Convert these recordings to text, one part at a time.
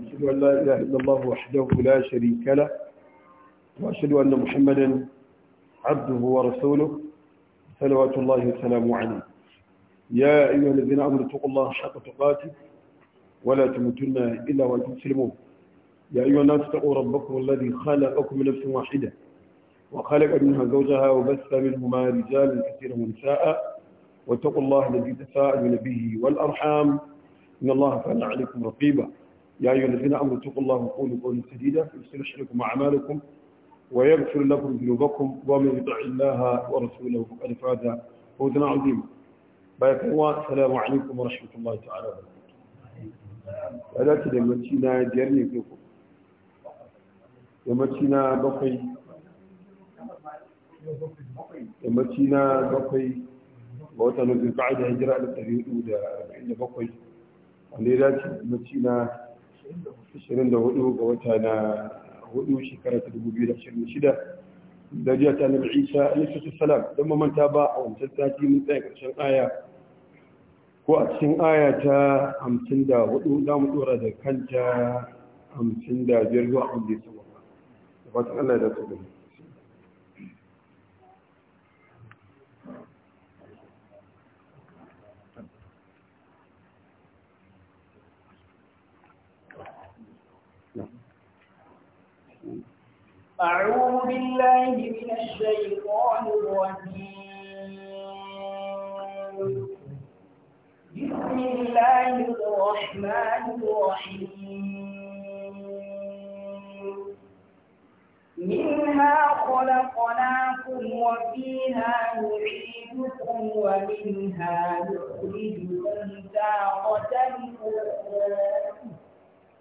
أشهد أن لا إله إلا الله وحده لا شريك له وأشهد أن محمدا عبده ورسوله صلوات الله وسلامه عليه يا أيها الذين آمنوا اتقوا الله حق تقاته ولا تموتن إلا وأنتم مسلمون يا أيها الناس اتقوا ربكم الذي خلقكم من نفس واحدة وخلق منها زوجها وبث منهما رجالا كثيرا ونساء واتقوا الله الذي تساءلون به والأرحام إن الله كان عليكم رقيبا يا أيها الذين أمروا اتقوا الله وقولوا قولا سديدا يصلح لكم أعمالكم ويغفر لكم ذنوبكم ومن يطع الله ورسوله فقد فاز فوزا عظيما بارك الله السلام عليكم ورحمة الله تعالى وبركاته هذا لما نا ديرني بكم لما نا بقي لما نا بقي وتنزل بعد هجرة للتغيير الأولى عند بقي wanda ce dace mace na 24 ga wata na 4 shekara ta 2026 da jiya ta annabi Isa alaihi salam don mamanta ba a wancan sati mun tsaya karshen aya ko a cikin aya ta 54 za mu da kanta 55 zuwa 56 da fatan Allah ya dace da أعوذ بالله من الشيطان الرجيم بسم الله الرحمن الرحيم منها خلقناكم وفيها نعيدكم ومنها نخرجكم تارة أخرى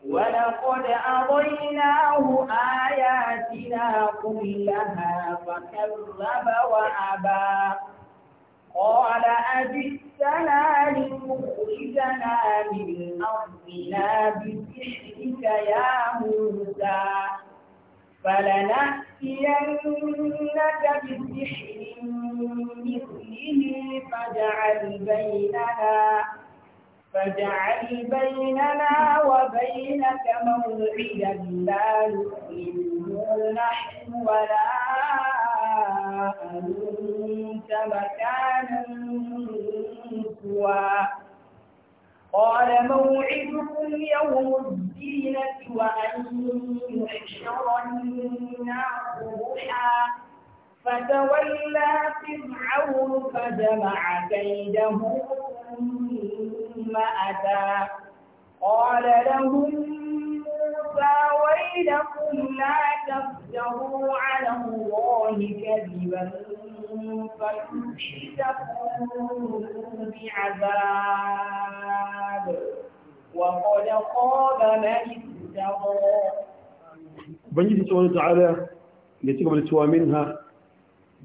ولقد أضيناه آياتنا كلها فكذب وأبى قال أجئتنا لتخرجنا من أرضنا بسحرك يا موسى فلنأتينك بسحر مثله فاجعل بيننا فاجعل بيننا وبينك موعدا لا نؤمن نحن ولا أنت مكانا سوى قال موعدكم يوم الزينة وأن يحشر النار روحا فتولى فرعون فجمع كيده أتى قال لهم موسى ويلكم لا تفتروا على الله كذبا فتحشدكم بعذاب وقد خاب من افتقى بنجي سبحانه وتعالى لتقبل سوى منها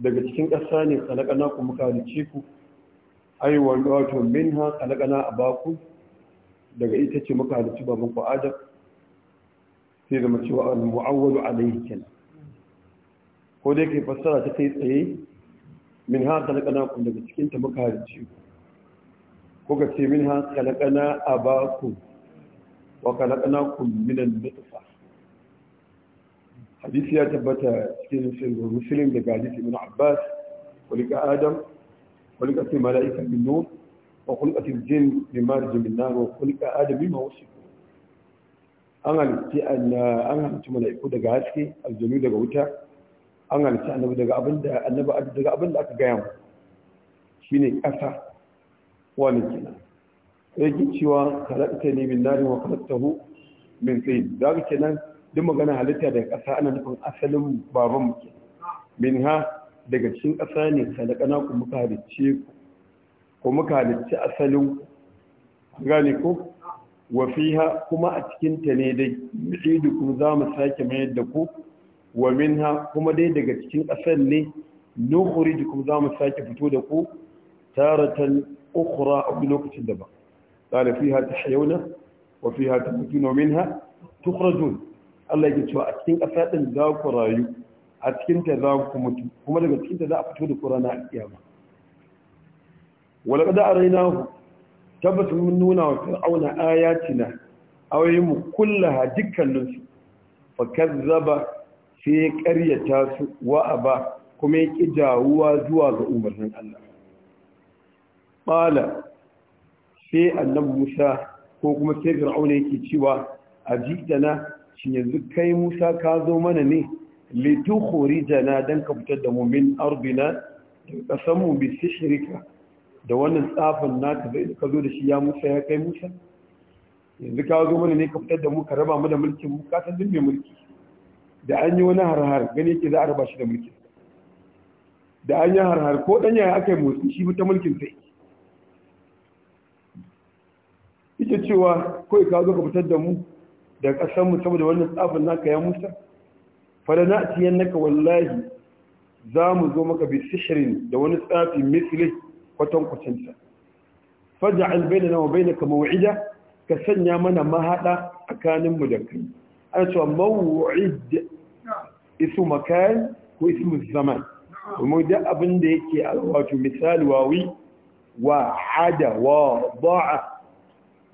daga cikin ƙasa ne tsanakana kuma muka halicce aiwa wato minha a abaku daga ita ce muka halittu ba muku adab sai zama cewa al mu'awwalu alaihi kenan ko dai ke fassara ta kai tsaye min ha khalaqana kun daga cikin ta muka halittu? ko ka ce min ha a abaku wa khalaqnakum min minan nutfa hadisi ya tabbata cikin sahih muslim daga hadisi min abbas wa lika adam خلقت الملائكة من نور وخلقت الجن من من نار وخلق آدم مما وصفه an halitti an halitti mala'iku daga haske aljanu daga wuta an halitti annabi daga abin da annabi daga abin da aka gaya mu shine ƙasa wani kina yake cewa khalaqta ni min narin wa khalaqtahu min tin da ga kenan duk magana halitta daga ƙasa ana nufin asalin baban daga cikin ƙasa ne salakana ku muka halicce ku ko muka halicci asalin gane ko wa fiha kuma a cikin ta ne dai nu'idukum za mu sake mayar da ku wa minha kuma dai daga cikin ƙasar ne nukhrijukum za mu sake fito da ku taratan ukhra a lokacin da ba qala fiha tahyawna wa fiha tamutuna minha tukhrajun Allah yake cewa a cikin ƙasa din za ku rayu a cikin za ku mutu kuma daga cikinta za a fito da ku ranar kiyama wala kada ku? tabbas mun nuna wa fir'auna ayatina ayoyin mu kulla dukkanin su fa kazzaba sai ya karyata su wa aba kuma ya ki jawuwa zuwa ga umarnin Allah ɓala sai annabi Musa ko kuma sai fir'auna yake cewa ajidana shin yanzu kai Musa ka zo mana ne litukhrijana dan ka fitar da mu min ardina da kasanmu bi sihrika da wannan tsafin naka da ka zo da shi ya Musa ya kai Musa yanzu ka zo mana ne ka fitar da mu ka raba mu da mulkin mu ka san din mai mulki da an yi wani harhar gani yake za a raba shi da mulkin da an yi harhar ko dan yaya akai yi motsi shi ta mulkin sai ita cewa kawai ka zo ka fitar da mu da kasan mu saboda wannan tsafin naka ya Musa na tiyan naka wallahi za mu zo maka bi sihirin da wani tsafi misli kwatan kwacinta na bainana wa ka maw'ida ka sanya mana mahada tsakanin mu da kai ana cewa maw'id isu makan ko isu zaman kuma da abin da yake wato misali wawi wa hada wa da'a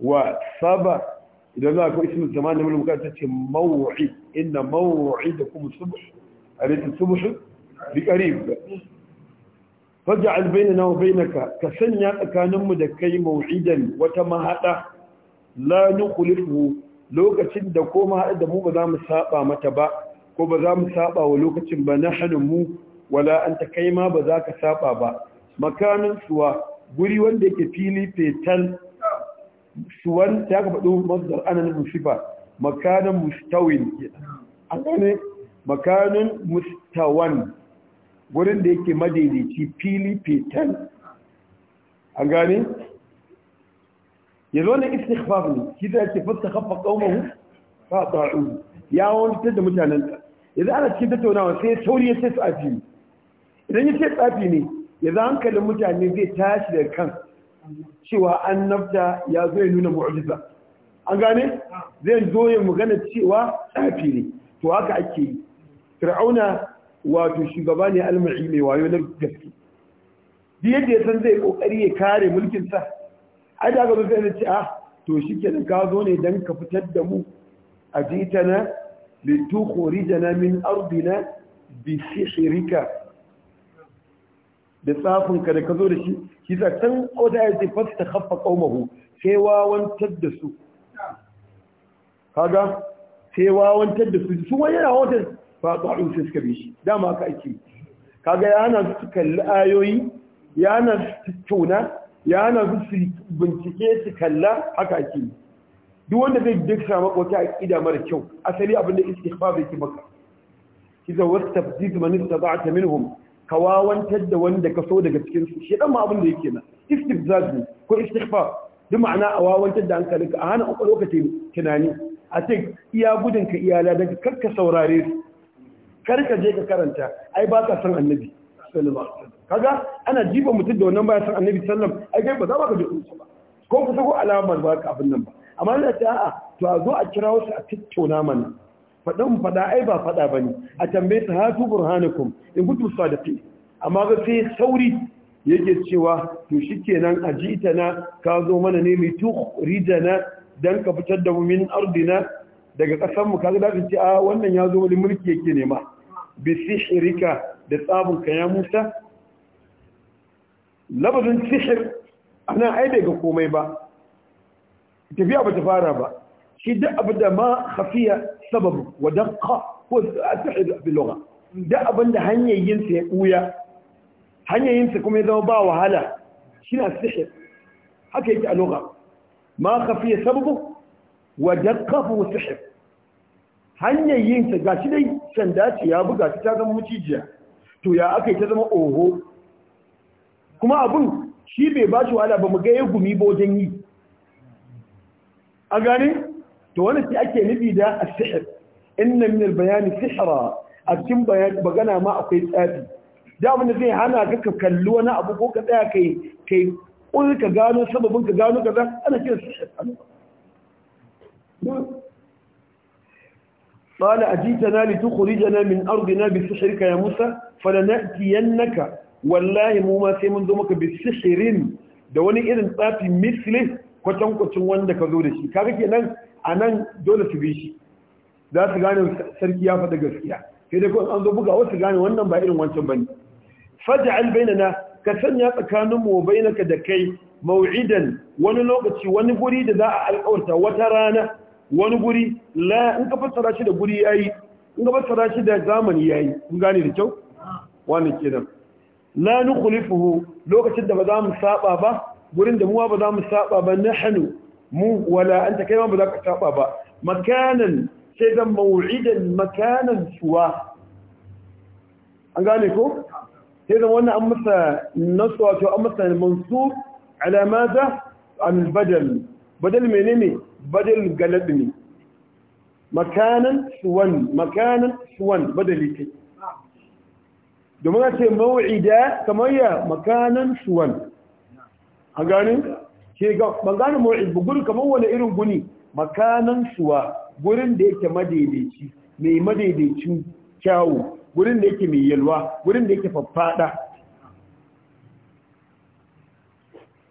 wa saba idan za ka ismin zaman da mulmu ka ta ce mawu'i inna mawu'i da kuma subuh a rikin subuh bi qarib Fajar bainana wa bainaka ka sanya tsakaninmu da kai maw'idan wata mahaɗa. la nukhlifu lokacin da ko mahaɗa da mu ba za mu saba mata ba ko ba za mu saba wa lokacin ba na hannun mu wala an ta kai ma ba za ka saba ba makamin suwa guri wanda yake fili fetal suwan ta ka faɗo masdar ana nufin sifa makanan mustawin an gane makanan mustawan gurin da yake madaidaici fili fetan an gane yanzu wannan istighfar ne shi da yake fasta kafa kaumahu fa ta'u ya wani da mutanen ta yanzu ana cikin tattaunawa sai sauri ya ce tsafi idan ya ce tsafi ne yanzu hankalin mutane zai tashi da kan cewa nafta ya zo ya nuna mu'jiza an gane zai zo ya magana cewa tsafi ne to haka ake yi fir'auna wato shugaba ne almari mai wayo na gaske duk yadda ya san zai kokari ya kare mulkin sa ai da gaba sai ce ah to shikenan ka zo ne dan ka fitar da mu ajitana litukhrijana min ardina bi sihrika da tsafinka da ka zo da shi shi sa can wata ya ce fasta khaffa kaumahu, sai wawantar da su kaga sai wawantar da su su wani yana wawantar fa ta'u sai suka bi shi dama haka ake kaga ya hana su kalli ayoyi ya hana su tuna ya hana su bincike su kalla haka ake duk wanda zai duksa maka a ƙida mara kyau asali abin da istighfar yake maka kiza wastabdid man istata'ta minhum ka wawantar da wanda ka so daga cikin su dan ma abin da yake na? istifzaz ne ko istighfar duk ma'ana a wawantar da ka, a hana ƙwaƙwalwa ka tunani a ce iya gudun ka iya ladan karka saurare su kar ka je ka karanta ai ba ka san annabi kaga ana jiba mutum da wannan baya san annabi sallam ai kai ba za ba ka ji ba ko ku sako alamar ba ka abin nan ba amma ina ta a'a to a zo a kira wasu a tattauna mana faɗin faɗa ai ba faɗa ba ne a tambaye ta hatu burhanakum in da sadiqi amma ga sai sauri yake cewa to shikenan ita na ka zo mana ne mai tukhrijana dan ka fitar da mu min ardina daga ƙasar mu kaga dafi ce a wannan ya zo wani mulki yake nema bi sihrika da tsabun ka ya Musa labadin sihir ana ai daga komai ba tafiya ba ta fara ba shi duk abu da ma khafiya sababu wa daqqa ko a bi lugha da abinda hanyar sa ya buya hanyar sa kuma ya zama ba wahala shi na asihir haka yake a lugha ma ya sababu wa daqqa fa sihir hanyar yin sa gashi dai sanda ce ya buga ta zama mucijiya to ya aka yi ta zama oho kuma abun shi bai ba shi wahala ba mu ga ya gumi ba wajen yi a gane to wani shi ake nufi da as-sihr inna min al-bayani sihra a cikin magana ma akwai tsafi da wanda zai hana ka ka kalli wani abu ko ka tsaya kai kai kun ka gano sababin ka gano kaza ana cewa sihr قال أجيتنا لتخرجنا من أرضنا بسحرك يا موسى فلنأتينك والله مو ما سيمن ذمك بسحر da wani irin tsafi misli kwatankwacin wanda ka zo da shi kaga kenan a nan dole su bi shi za su gane sarki ya faɗi gaskiya sai dai an zo buga wasu gane wannan ba irin wancan bane faj'al bainana ka sanya tsakanin mu bainaka da kai maw'idan wani lokaci wani guri da za a alƙawarta wata rana wani guri la in ka fassara shi da guri yayi in ka fassara shi da zamani yayi kun gane da kyau wannan kenan la nukhlifuhu lokacin da ba za mu saba ba gurin da muwa ba za mu saba ba nahnu mu wala anta kai ma ba za ka saba ba makanan sai zan mawu'idan makanan suwa an gane ko sai zan wannan an masa nasuwa to an masa mansur ala madha an badal badal menene badal galad ne makanan suwan makanan suwan badali kai domin a ce mawu'ida kamar ya makanan suwan an gane ke ga bangaren mu'iz guri kamar wani irin guni makanan suwa gurin da yake madaidaici mai madaidaicin kyawu gurin da yake mai yalwa gurin da yake faffada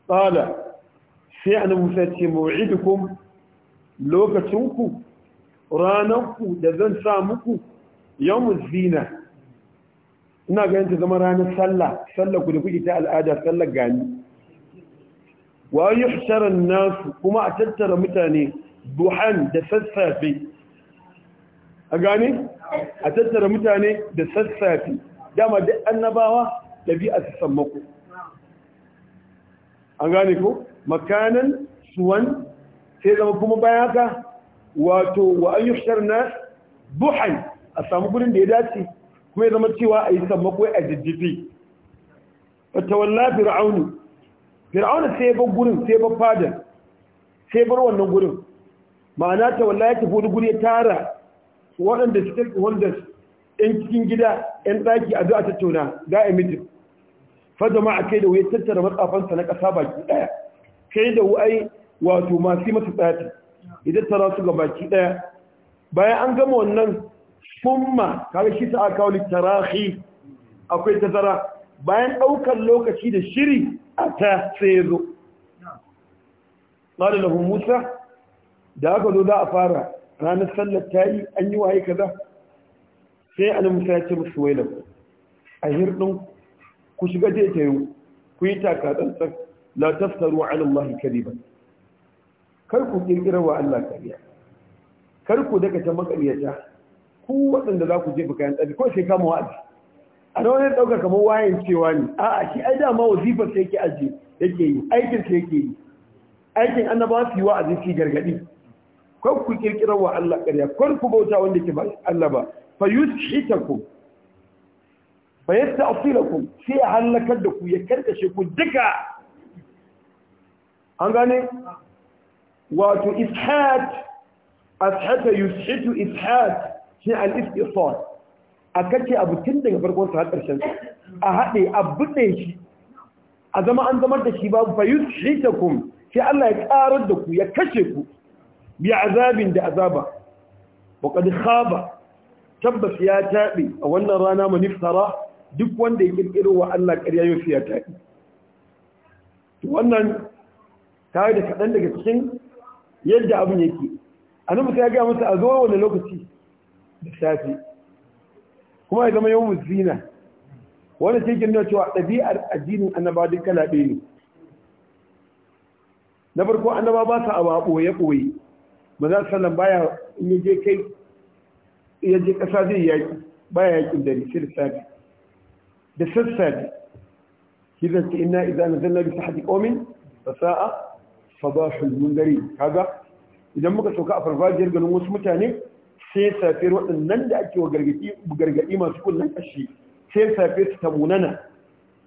tsala sai an musa ce mu'idukum lokacinku ranarku da zan sa muku yawon zina ina ganin ta zama ranar sallah sallah ku da kuke ta al'ada sallah gani wa yuhshara nasu kuma a tattara mutane duhan da sassafe a gane a tattara mutane da sassafe dama duk annabawa dabi'a su sammako an gane ko makanan suwan sai zama kuma bayan haka wato wa an yuhshar nas duhan a samu gurin da ya dace kuma ya zama cewa a yi sammako a jijjifi ta walla ra'auni. fir'auna sai bar gurin sai bar fadar sai bar wannan gurin ma'ana ta wallahi ya tafi guri ya tara waɗanda suke wanda ɗan cikin gida ɗan ɗaki a zuwa tattauna ga emitin fadama a kai da wuya tattara matsafansa na ƙasa baki ɗaya kai da wuai wato masu masu tsati idan tara su ga baki ɗaya bayan an gama wannan summa kaga shi ta aka tarahi akwai tazara bayan ɗaukar lokaci da shiri a ta sai zo ƙwada da musa da aka zo za a fara ranar sallar ta yi an yi waye kaza sai an musa ya ce musu wailar a hirɗin ku shiga je ta yi ku yi takatsantsan la tafsaru an Allah kariban kar ku ƙirƙirar wa Allah kariya kar ku daga ta makariyata ku waɗanda za ku je bukayan tsari ko sai kama wa'azi a da wani ɗaukar kamar wayan cewa ne a a shi ai dama wazifar sai yake aji yake yi aikin sai yake yi aikin annaba su yi wa azifi gargaɗi kwan ku kirkirar wa Allah ƙarya kwan ku bauta wanda ke ba Allah ba fa yi yushita ku fa yasta'sila ku sai ya halakar da ku ya karkashe ku duka an gane wato ishat ashata yushitu ishat shi al-istisal a kace abu tun daga farkon sa har karshen sa a haɗe a bude shi a zama an zamar da shi babu fayushitakum shi Allah ya karar da ku ya kashe ku bi azabin da azaba wa qad khaba tabbas ya tabi a wannan rana niftara duk wanda ya kirkiro wa Allah ƙarya yau ya tabi to wannan kai da kadan daga cikin yadda abin yake annabi sai ya gaya masa a zo wani lokaci da safe. kuma ya zama yawon zina wanda sai gina cewa ɗabi'ar addinin annaba duk kala ne na farko annaba ba su awa ɓoye ɓoye maza sallan baya in yaje kai ya je ƙasa zai yaƙi baya yaƙin dare sai da safi da sassafe kidan ce inna idan nazalna bi sahati qawmin fa sa'a sabahul gari, kaga idan muka sauka a farfajiyar ganin wasu mutane sai safiyar waɗannan da ake wa gargaɗi masu kullum ƙashi sai safiyar ta munana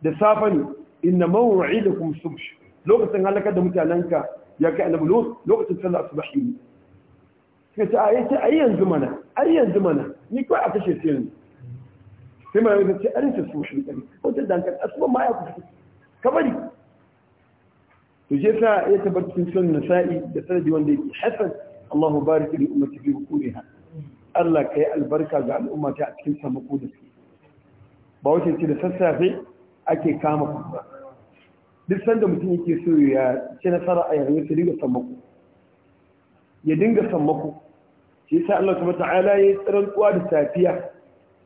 da safan inna mawu'i da kuma subshi lokacin halakar da mutanenka ya kai annabi lokacin sallah subahi ne suka ce a yace ai yanzu mana ai yanzu mana ni kawai a kashe sai yanzu sai mai yanzu ce arin ta subshi ne wata dankar asuba ma ya kusa kabari to je sa ya tabbatar cikin sunan nasa'i da sanadi wanda yake hasan Allahu barik li ummati fi bukuriha Allah ka yi albarka ga al'umma ta a cikin samaku da su ba wuce ce da sassafe ake kama kusa duk sanda mutum yake so ya ci nasara a yanzu ta dinga samaku ya dinga samaku shi sa Allah kuma ta'ala ya yi rantsuwa da safiya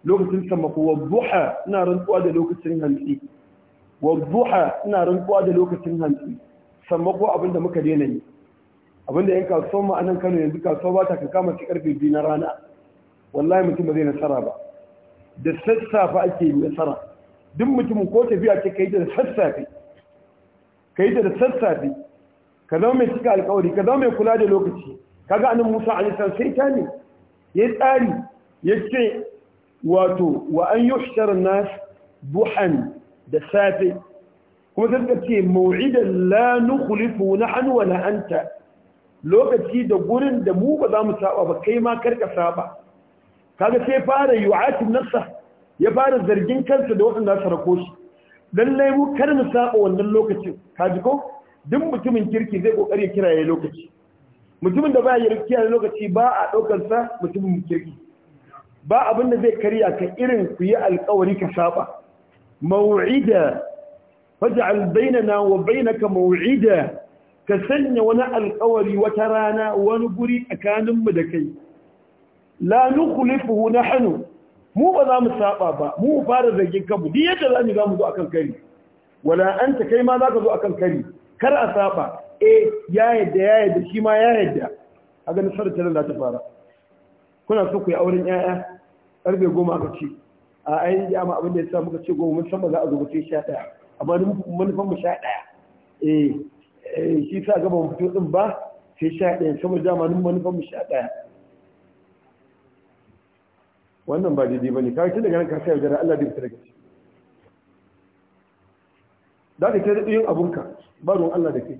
lokacin samaku wa buha ina rantsuwa da lokacin hantsi wa buha ina rantsuwa da lokacin hantsi sammako abinda muka daina yi abinda yan kasuwan ma'anan a nan Kano yanzu kasuwa ba ta kama shi karfe biyu na rana wallahi mutum ba zai nasara ba da sassafe ake yi nasara duk mutum ko tafiya ce ka yi da sassafe ka da sassafe ka zama mai cika alkawari ka zama mai kula da lokaci kaga anan Musa alaihi sai ta ne ya tsari ya ce wato wa an yushtar nas buhan da safe kuma sai ka ce maw'idan la nukhlifu na wa la anta lokaci da gurin da mu ba za mu saba ba kai ma karka saba kaga sai fara yu'atin nafsa ya fara zargin kansa da waɗanda su rako shi lallai mu kar mu saba wannan lokacin kaji ko duk mutumin kirki zai kokari ya kiraye lokaci mutumin da ba ya rikiya lokaci ba a daukar sa mutumin kirki ba abin da zai kariya ka irin ku yi alƙawari ka saba mau'ida faj'al bainana wa bainaka mau'ida ka sanya wani alƙawari wata rana wani guri tsakaninmu da kai la nukhlifuhu nahnu mu ba za mu saba ba mu fara zargin kanmu duk yadda za mu ga mu zo akan kari wala anta kai ma zaka zo akan kari kar a saba eh ya yadda ya yadda shi ma ya yadda a ga nasar tarin za ta fara kuna so ku yi auren yaya karfe goma aka ce a ayin ya ma abin da ya sa muka ce goma mun san ba za a zo sai sha ɗaya amma manufan mu sha ɗaya eh, eh shi sa gaba mu fito din ba sai sha ɗaya saboda mun manufan mu sha ɗaya wannan ba daidai bane kai tun daga nan ka sai da Allah bai fita daga da ka kai yin abunka ba ruwan Allah da kai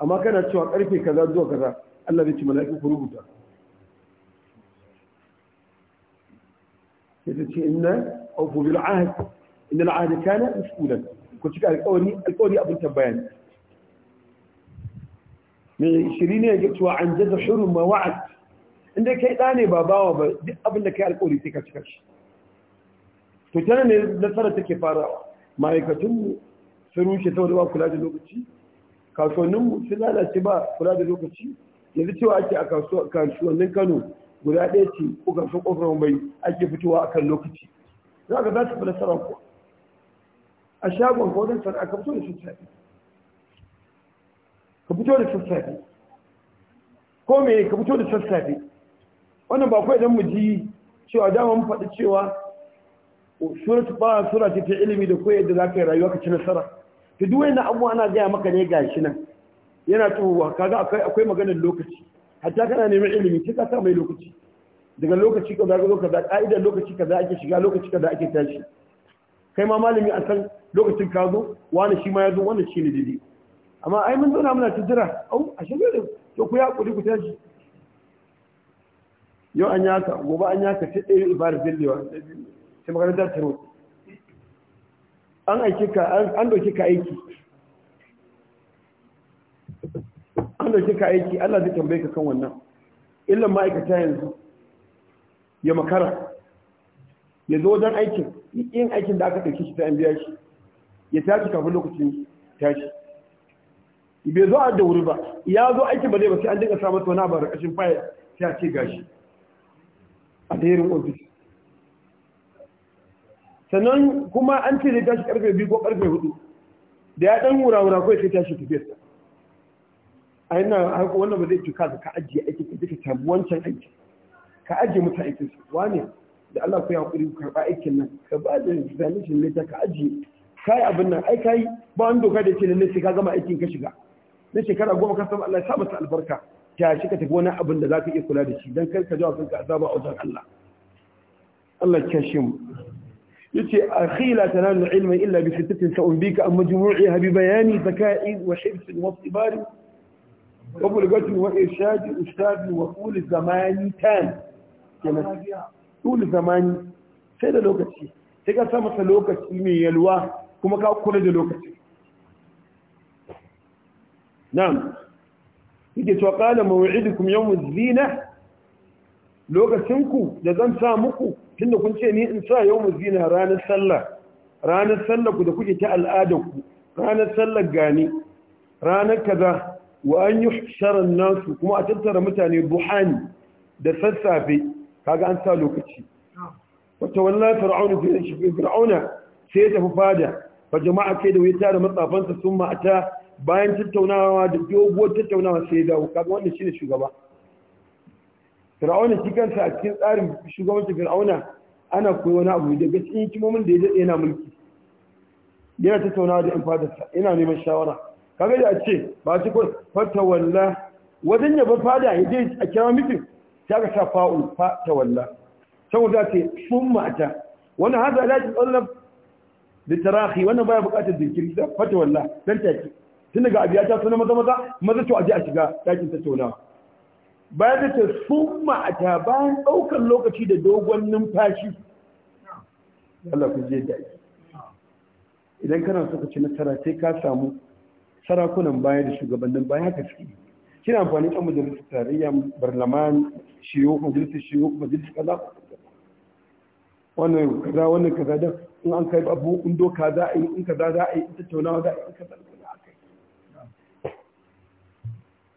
amma kana cewa karfe kaza zuwa kaza Allah zai ci mala'iku ku rubuta yace ce inna awfu bil ahd inna al ahd kana mas'ulan ku cika alƙawari alƙawari abin tambaya ne من shiri ne ya cewa حرم jaza hurun inda kai ɗa ne ba bawa ba duk abin da kai alƙawari sai ka cika shi to tana ne nasara take farawa ma'aikatunmu sun rushe saboda ba kula da lokaci kasuwanninmu sun lalace ba kula da lokaci yanzu cewa ake a kasuwannin kano guda ɗaya ce ko kasuwan ƙofar mai ake fitowa akan lokaci za ka za su fi nasara kuwa a shagon ko wajen sana'a ka fito da sassafe ka fito da sassafe ko me ka fito da sassafe wannan ba kawai don mu ji cewa dama mun faɗi cewa suratu ba sura ta ilimi da koyar da za ka yi rayuwa ka ci nasara ta duk wani abubuwa ana gaya maka ne gashi nan yana tsohuwa kaga akwai akwai maganar lokaci hatta kana neman ilimi sai ka sa mai lokaci daga lokaci ka zo ka za, ka'idar lokaci ka za ake shiga lokaci ka za ake tashi kai ma malami a san lokacin ka zo wani shi ma ya zo wani shi ne daidai amma ai mun zauna muna ta jira au a shirya da to ku ya kuri ku tashi yau an yaka gobe an yaka sai ɗaya ibarar zillewa ta makarantar taro an aiki ka an ɗauki ka aiki an ɗauki ka aiki Allah zai tambaye ka kan wannan illan ma'aikata yanzu ya makara ya zo wajen aikin yin aikin da aka ɗauki shi ta an biya shi ya tashi kafin lokacin tashi bai zo a da wuri ba ya zo aikin ba zai ba sai an dinga samun tona ba ƙarƙashin fayil sai a ce gashi alherin ofis sannan kuma an ce zai tashi karfe biyu ko karfe hudu da ya dan wura-wura kawai sai tashi tafiyarsa a yana haka wannan ba zai cika da ka ajiye aiki ka jika tabu wancan aiki ka ajiye mutu aikin su wane da Allah ku ya hakuri ku karɓa aikin nan ka ba da examination letter ka ajiye ka yi abin nan ai ka yi ba wani doka da ke lalle sai ka gama aikin ka shiga na shekara goma ka samu Allah ya sa masa albarka tashi ka tafi wani abin da za ka iya kula da shi don karka jawa kanka azaba a wajen Allah Allah kashe mu yace akhila tanalu ilma illa bi sittatin sa'umbika amma jumu'iha bi bayani zaka'i wa hifz wa istibari wa bulgati wa irshad ustadi wa qul zamani tan kenan qul zamani sai da lokaci sai ka sa masa lokaci mai yalwa kuma ka kula da lokaci na'am yake cewa qala maw'idukum yawmuz zina lokacin ku da zan sa muku tunda kun ce ni in sa yawmuz zina ranar sallah ranar sallah ku da kuke ta al'adar ku ranar sallar gani ranar kaza wa an yuhshara nasu kuma a tattara mutane buhani da sassafe kaga an sa lokaci wata wallahi fir'auna fi fir'auna sai ya tafi fada fa jama'a kai da wuya tare matsafansa sun ma'ata bayan tattaunawa da dogon tattaunawa sai ya dawo kaga wannan shine shugaba fir'auna shi sa a cikin tsarin shugabancin fir'auna ana koyi wani abu daga cikin hikimomin da ya daɗe yana mulki yana tattaunawa da 'yan fadarsa yana neman shawara kaga da a ce ba ci ko fata walla wajen yaba fada ya je a kira mitin sai ka sa fa'u fata walla saboda ce sun mata wannan hada alaƙi tsallaf da tarahi wannan baya buƙatar dinkiri da fata walla dan take tun ga abiya ta suna maza maza maza to aje a shiga ɗakin tattaunawa bayan ta suma a ta bayan daukar lokaci da dogon numfashi Allah ku je dai idan kana so ka ci nasara sai ka samu sarakunan baya da shugabannin baya haka suke kina amfani kan majalisar tarayya barlaman shiyo majalisar shiyo majalisar kaza wannan kaza wannan kaza da in an kai abu in doka za a yi in kaza za a yi tattaunawa za a yi in kaza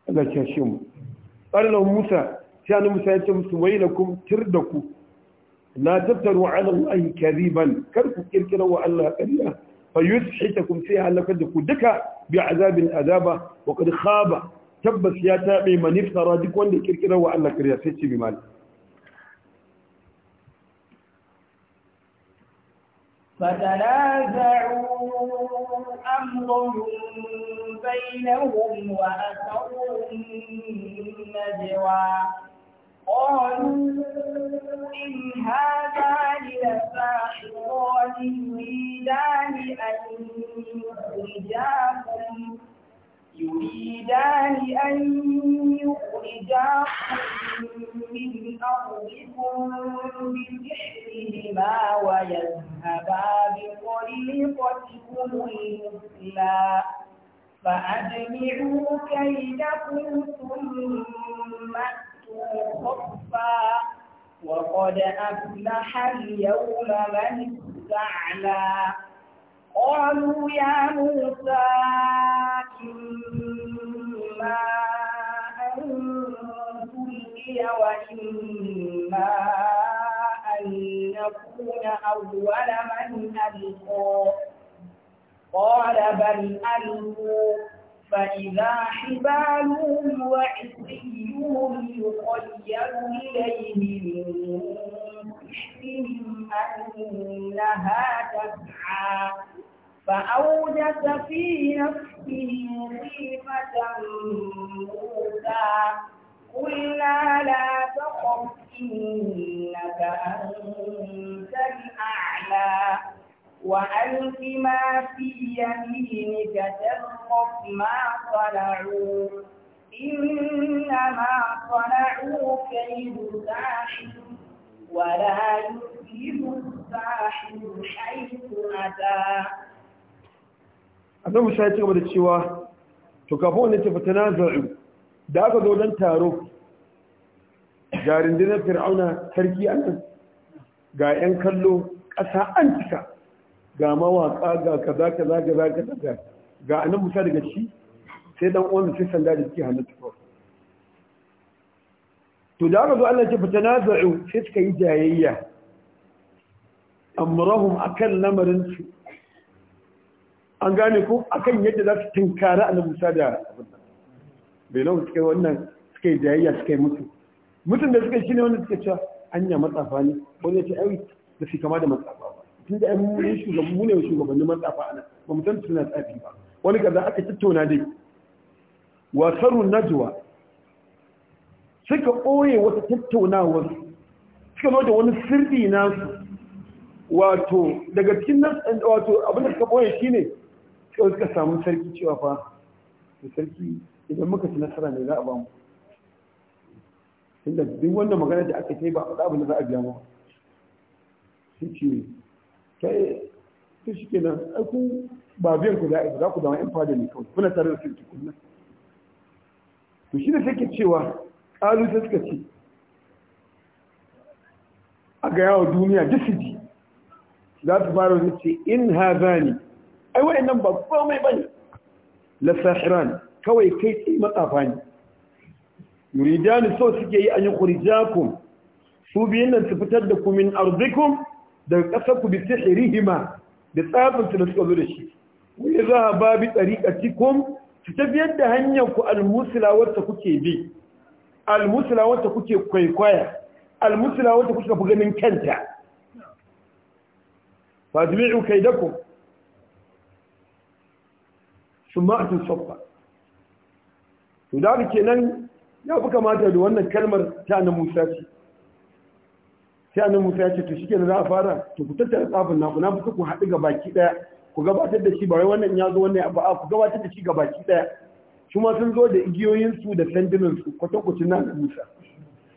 Allah ya mu qala Musa sai annabi Musa ya ce musu wailakum tirdaku la tattaru ala Allah kariban, kar ku kirkira wa Allah ƙarya fa yushitakum sai halaka da ku duka bi azabin azaba wa qad khaba tabbas ya taɓe man iftara duk wanda kirkira wa Allah ƙarya sai ce bi mali فتنازعوا أمرهم بينهم وأسروا النجوى قالوا إن هذان لساحران يريدان أن يخرجاكم يريدان أن يخرجاكم من أرضكم بسحرهما ويذهبا بطريقتكم المثلى فأجمعوا كيدكم ثم أتوا خفا وقد أفلح اليوم من استعلى قالوا يا موسى ولمن ألقى قال بل ألقوا فإذا حبالهم وعصيهم يخيل إليه من سحرهم أنها تسعى فأوجس في نفسه خيفة موسى قلنا لا تخف إنك أنت الأعلى وألق ما في يمينك تلقف ما صنعوا إنما صنعوا كيد ساحر ولا يفلح الساحر حيث أتى أنا مش ya ci gaba da cewa da aka zo don taro ga rundunar fir'auna sarki annan ga 'yan kallo ƙasa an cika ga mawaƙa ga kaza kaza kaza kaza ga anan musa daga shi sai dan uwan sai sanda da suke hannun tukur to da aka zo Allah ce fita na za'u sai suka yi jayayya amrahum kan lamarin su an gane ko akan yadda za su tinkara annabi musa da abin bai lau suka wannan suke yi jayayya suka yi mutu mutum da suka yi ne wanda suka cewa anya matsafa ne wani ya ce ai da fi kama da matsafa ba tun da ai mu ne shugaban mu ne shugabannin matsafa ana ba mu san suna tsafi ba wani kaza aka tattauna dai wa sarun najwa suka ɓoye wata tattaunawar suka zo da wani sirri nasu wato daga cikin nan wato abin da suka ɓoye shine suka samu sarki cewa fa sarki idan muka ci nasara ne za a bamu. mu tunda duk wanda magana da aka kai ba a abin da za a biya mu shi ce kai to shi kenan ai ku ba biyan ku da za ku dama yan fada ne kawai kuna tare da su tukunna to shi da sake cewa ƙalu sai suka ce a ga yawon duniya duk su ji za su fara wani ce in hazani ai wa'annan ba mai bane la sahiran kawai kai tsi matsafa ne yuridani so suke yi an yi kurjakum su biyun nan su fitar da ku min arzikum daga ƙasar ku bi sihirihima da tsafin su da suka zo da shi wani za a babi cikin? su tafiyar da hanyar ku almusula wacce kuke bi almusula wacce kuke kwaikwaya almusula wacce kuka fi ganin kanta fadmi'u kaidakum summa atun sabba to da kenan ya fi kamata da wannan kalmar ta musa ce sai Musa ya ce to shikenan za a fara to ku tattara tsafin na ku na fi ku haɗu ga baki ɗaya ku gabatar da shi ba wai wannan ya zo wannan ba ku gabatar da shi ga baki ɗaya shi ma sun zo da igiyoyin su da sandunan su kwatankwacin na nan Musa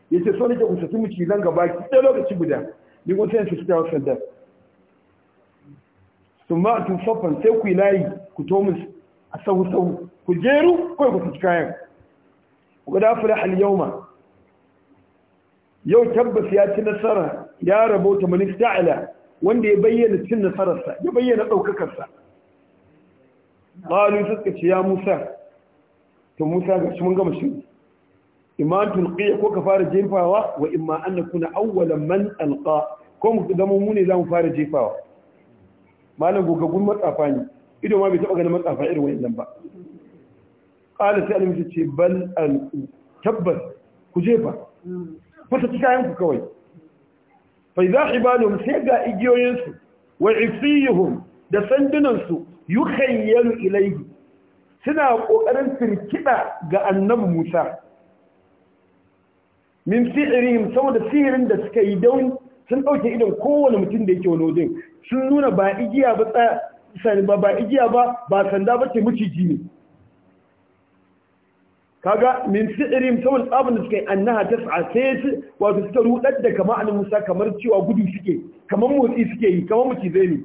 ya ce so nake ku saki mu zan ga baki ɗaya lokaci guda ni kuma sai su suka wasu sandar sun tun sofan sai ku yi layi ku to a sahu sahu ku jeru kawai ku saki kayan guda fulaha al-yawma yau tabbas ya ci nasara ya ta man ta'ala wanda ya bayyana cin nasararsa ya bayyana sa qalu suka ce ya Musa to Musa ga shi mun gama shi iman tulqiya ko ka fara jefawa wa imma an kuna awwalan man alqa ko mu zama mu ne za mu fara jefawa malam gogagun matsafa ne ido ma bai taba ganin matsafa irin wannan ba ƙala sai annabi ce bal al'u tabbas ku ba. fata ci kayanku ku kawai fa idza hibalum sai ga igiyoyin su wa isiyuhum da sandunan su yukhayyalu ilayhi suna kokarin firkiɗa ga annabi Musa min sihrihim saboda sihirin da suka yi don sun dauke idan kowane mutum da yake wani wajen sun nuna ba igiya ba ba igiya ba ba sanda ba ce miciji ne kaga min sihirin saboda tsabin da suka yi annaha ta sai wato suka rudar da kama an musa kamar cewa gudu suke kamar motsi suke yi kamar mu cize ne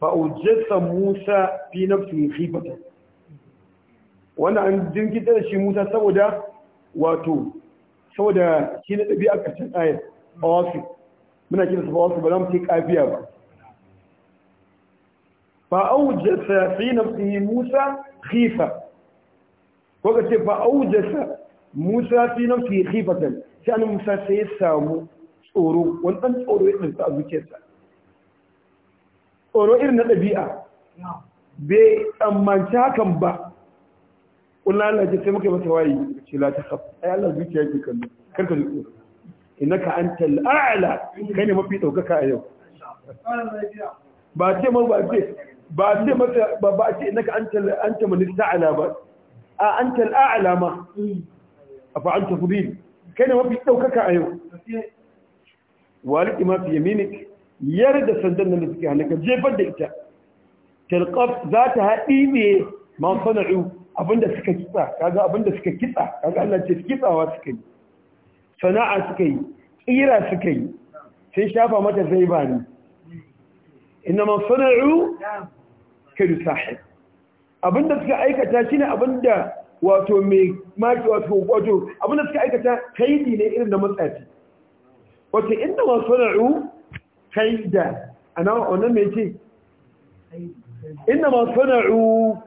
fa ujjasa musa fi nafsi khifata wannan an jinkita da shi musa saboda wato saboda shi na ɗabi'a ƙarshen a wasu, muna kira su wasu, ba za mu ce kafiya ba fa ujjasa fi nafsi musa khifa ko ka ce fa aujasa musa fi nafsi khifatan sai an musa sai ya samu tsoro wani dan tsoro ya dinka a zuciyarsa tsoro irin na ɗabi'a bai tsammanci hakan ba ƙulla Allah ce sai muka masa wayi ce la ta khaf ai Allah zuciya ke kallo karka ji tsoro innaka anta a'la kai ne mafi daukaka a yau ba ce ma ba ce ba ce maka ba ce innaka anta anta manista ala ba a an tal'a'ala alama, a fa'an tafudin kai ne mafi ɗaukaka a yau walik fiye yaminik yar da sandan nan da suke halaka jefar da ita talqaf za ta haɗi ne ma sana'u abinda suka kitsa kaga abinda suka kitsa kaga Allah ce kitsawa suka yi sana'a suka yi tsira suka yi sai shafa mata zai ba ni inna man sana'u kadu sahib abinda suka aikata shine abinda wato mai maki wato wato abinda suka aikata kaidi ne irin da matsafi wato inda ma sana'u kaida ana wannan me ce inda ma sana'u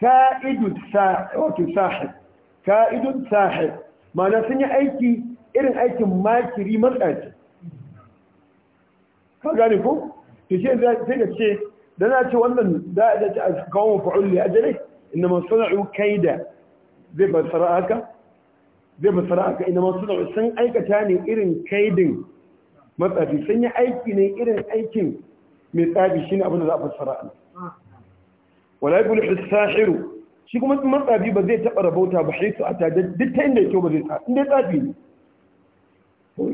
ka'idun wato sahib ka'idun sahib ma'ana sun yi aiki irin aikin makiri matsafi ka gane ko to zai da ce Dana ce wannan za a ce a kawo mafa'ul li ajali inma sana'u kaida zai fassara haka zai fassara haka inma sana'u sun aikata ne irin kaidin matsafi sun yi aiki ne irin aikin mai tsafi shine abin da za a fassara ana wala yaqulu as-sahiru shi kuma matsafi ba zai taɓa rabauta ba haitu a tajar duk ta inda kyau ba zai tsafi inda tsafi ne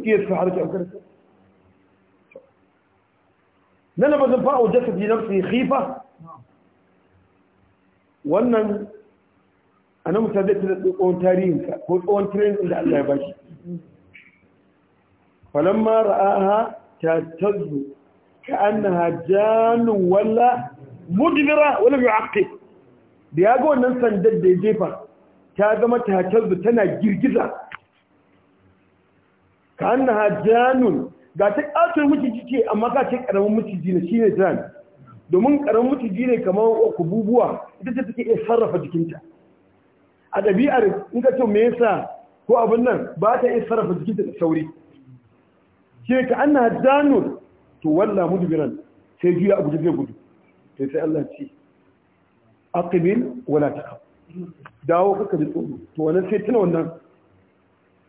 iya su harce a na namazin fa'o jasa fi nafsi khifa wannan a nan musa zai tuna tsohon tarihinka ko tsohon tarihin da Allah ya bashi falamma ra'aha ta tazzu ka annaha janun walla mudbira wala yu'aqib da ya ga wannan sandar da ya jefa ta zama ta tazzu tana girgiza ka annaha janun ga ta ƙatar maciji ce amma ka ce ƙaramin maciji ne shi ne zan domin ƙaramin maciji ne kamar kububuwa ita ce take iya sarrafa jikinta a ɗabi'ar in ka ce me yasa ko abin nan ba ta iya sarrafa jikinta da sauri ne ka na danur to walla mudbiran sai juya abu zai gudu sai sai Allah ce aqbil wala taqab dawo kaka da tsoro to wannan sai tuna wannan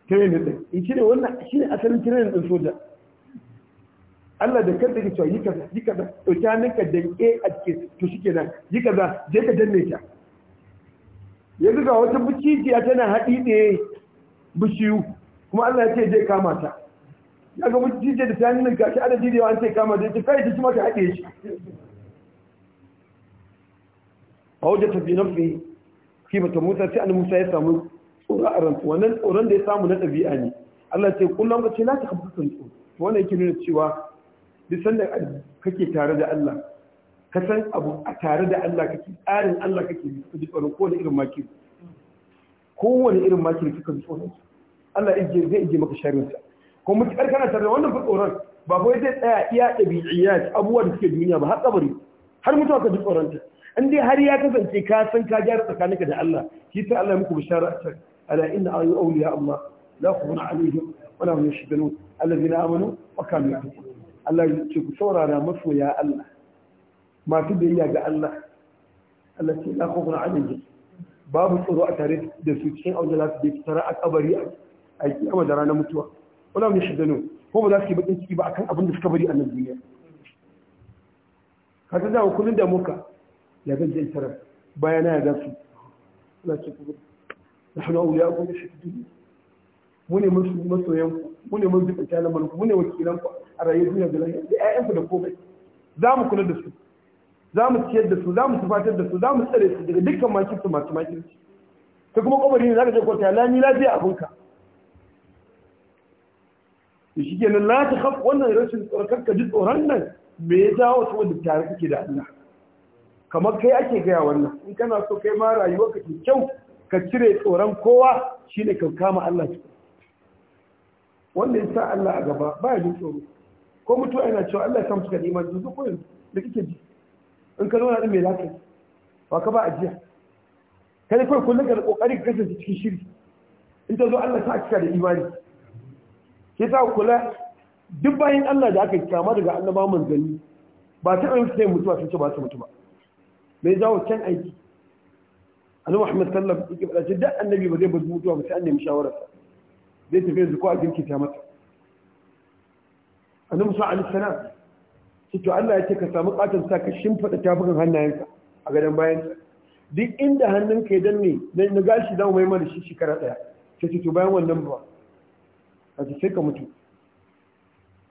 training din shi ne wannan ne asalin training din soja Allah da kanta ke cewa yi kaza yi kaza to ta ka danke a cikin to shikenan yi kaza je ka danne ta yanzu ga wata bukijiya tana haɗi ne bishiyu kuma Allah ya ce je kama ta ya ga bucijiya da ta ninka shi adadi da yawa an ce kama ta ce kai ta kuma ta haɗe shi a wajen tafi na fi kimata musa sai an musa ya samu tsura a rantu wannan tsoron da ya samu na ɗabi'a ne Allah ya ce kullum ka ce na ta kafa kan tsoro wannan yake nuna cewa duk sanda kake tare da Allah ka san abu a tare da Allah kake tsarin Allah kake ka ji tsoron kowane irin makir kowane irin makir kika ji tsoron Allah ije zai ije maka sharrin sa ko mutakar kana tare da wannan tsoron ba ko zai tsaya iya dabi'iyat abubuwa da suke duniya ba har kabari har mutuwa ka ji tsoron ta in dai har ya kasance ka san ka gyara tsakaninka da Allah shi sai Allah ya muku bishara a can ala inna ayu awliya Allah la khawfun alaihim wa la hum yahzanun alladhina amanu wa kanu yattaqun Allah ya ce ku saurara masoya Allah masu biyayya ga Allah Allah ce la khawfun alaihim babu tsoro a tare da su cikin aure za su je tara a kabari a kiyama da ranar mutuwa wala mun shiddanu ko ba za su yi bakin ciki ba akan abin da suka bari a nan duniya ka ta dawo kullun da muka ya zan je tara bayana ya za su Allah ce ku nahnu awliya'ukum fi dunya mu ne masoyan ku mu ne mun zuba kyalaman ku mu ne wakilan ku a rayuwar duniya da lafiya da ƴaƴan ku da komai za mu kula da su za mu ciyar da su za mu tufatar da su za mu tsare su daga dukkan makirci masu makirci ta kuma kwamari ne za ka je kwanta lani lafiya abinka da shi kenan na ta haf wannan rashin tsarkar ji tsoron nan me ya jawo su wanda tare kake da Allah kamar kai ake gaya wannan in kana so kai ma rayuwarka ka kyau ka cire tsoron kowa shine ka kama Allah cikin wanda ya sa Allah a gaba ba ya tsoro ko mutuwa yana cewa Allah ya samu ka neman zuzu ko yanzu da kike ji in ka zauna ɗin mai lafiya ba ka ba a jiya? Ka ne kawai kullum ka ƙoƙari ka kasance cikin shiri in ta zo Allah ta cika da imani ke sa kula duk bayan Allah da aka yi kama daga annaba manzanni ba ta yin sai mutuwa sun ce ba su mutu ba mai zawo can aiki annabi Muhammad sallallahu alaihi wasallam yake faɗa ce annabi ba zai bar mutuwa ba sai an nemi shawararsa zai tafi yanzu ko a girkita mata annabi sa alaihi sana to Allah ya ce ka samu katon sa ka shimfida tafukan hannayenka a gadon bayansa duk inda hannun ka ya danne na gashi zamu mai mana shi shekara ɗaya. sai ce to bayan wannan ba a ce sai ka mutu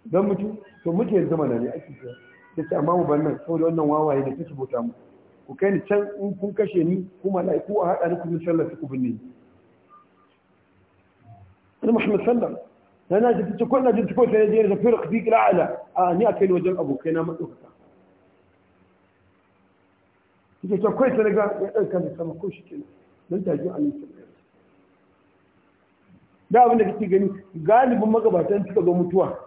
don mutu to mutu yanzu mana ne ake ce ta ce amma mu ban nan saboda wannan wawaye da ta bota mu ku kai ni can in kun kashe ni kuma ku a haɗa ni ku sallar ku binne ni na muhammad sallam na na jinta cikon na jinta cikon sai da jiyar zafi rafi kira'ala a ni a kai wajen abokai na maɗaukaka suke ta kwai ta daga ya ɗauka da sama ko shi ke nan ta ji alim sallam da abin da kake gani galibin magabatan suka zo mutuwa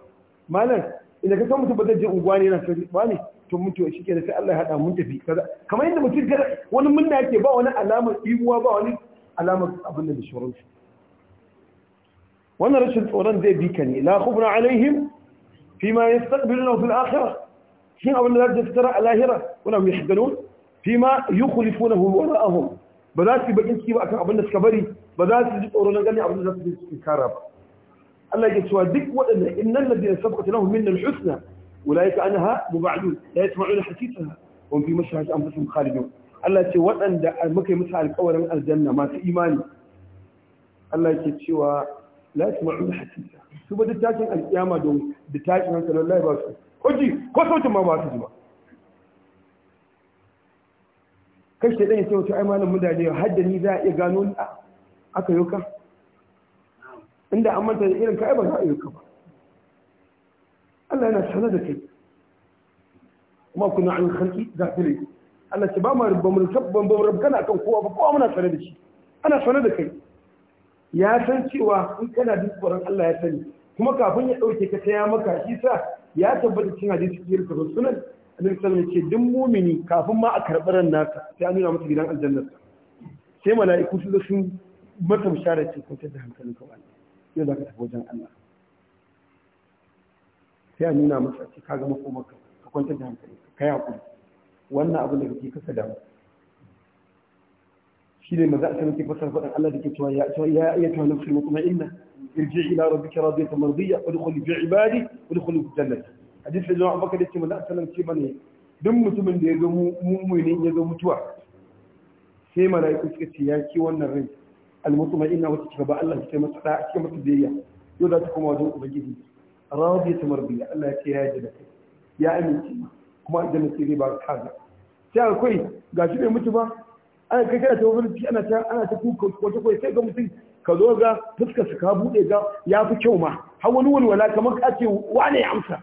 malam idan ka san mutum ba zai je unguwani na, sai sauri ba ne to mutuwa shi ke sai Allah ya haɗa mun tafi kaza kamar yadda mutum wani munna yake ba wani alamar imuwa ba wani alamar abin da da shi وانا رشد تقولان دي بيكني لا خبنا عليهم فيما يستقبلونه في الآخرة حين أولا لا تسترى الآهرة ولا يحدنون فيما يخلفونه وراءهم بذات بجنسي وأكا عبنا سكبري بذات جد أورونا قال لي عبنا سكبري الله يسوى ذك وإن إن الذين سبقت لهم من الحسنى أولئك أنها مبعدون لا يسمعون حسيثها وهم في مشهد أنفسهم خالدون الله يسوى وأن مكة مسعى الكورة من الجنة ما في إيماني الله يسوى la yasma'u hadisa su ba tashin alkiyama don da tashin hankali wallahi ba su koji ko sautin ma ba su ji ba kai shi ɗaya sai wata ai malam Mudane. Haddani ni za a iya gano ni aka yau ka inda an manta da irin ka ai ba za a yau ka ba Allah yana sanar da kai kuma kuna an ta ne. Allah ce ba mu rabban rabban rabban akan kowa ba kowa muna sanar da shi ana sanar da kai ya san cewa in kana duk tsoron Allah ya sani kuma kafin ya ɗauke ka ta maka shi sa ya tabbata cin hadisi cikin ka sunan annabi sallallahu alaihi ce duk mumini kafin ma a karɓar ran naka sai an nuna masa gidan aljanna sai mala'iku su zo sun mata bishara ce ko ta da hankalin ka wani yau za ka tafi wajen Allah sai a nuna masa ce ka ga makomarka ka kwantar da hankalin ka ka yi hakuri wannan abin da kake kasa damu شيل مزاج سمت فصل فصل الله ذكرت ويا ويا أيتها النفس المطمئنة ارجع إلى ربك راضية مرضية ودخل في بادي ودخل في الجنة حديث اللي هو بكرة تسمى لا سلام تسمى إيه دم تمن ده دم مو مو إني يعني ده متوع سيما لا يكون كتير كي ونري المطمئنة وتشبع الله كما تقع كما تديا يلا تكون واجب بجدي راضية مرضية الله كي هاجنة يا أمي كما إذا نسيري بعد حاجة تعال كوي قاعد يبي ana kai kana ta wani ana ta ana ta kuka wata kwace sai ga mutum ka zo ga fuskar suka ka bude ga ya fi kyau ma har wani walwala kamar ka ce wane ya amsa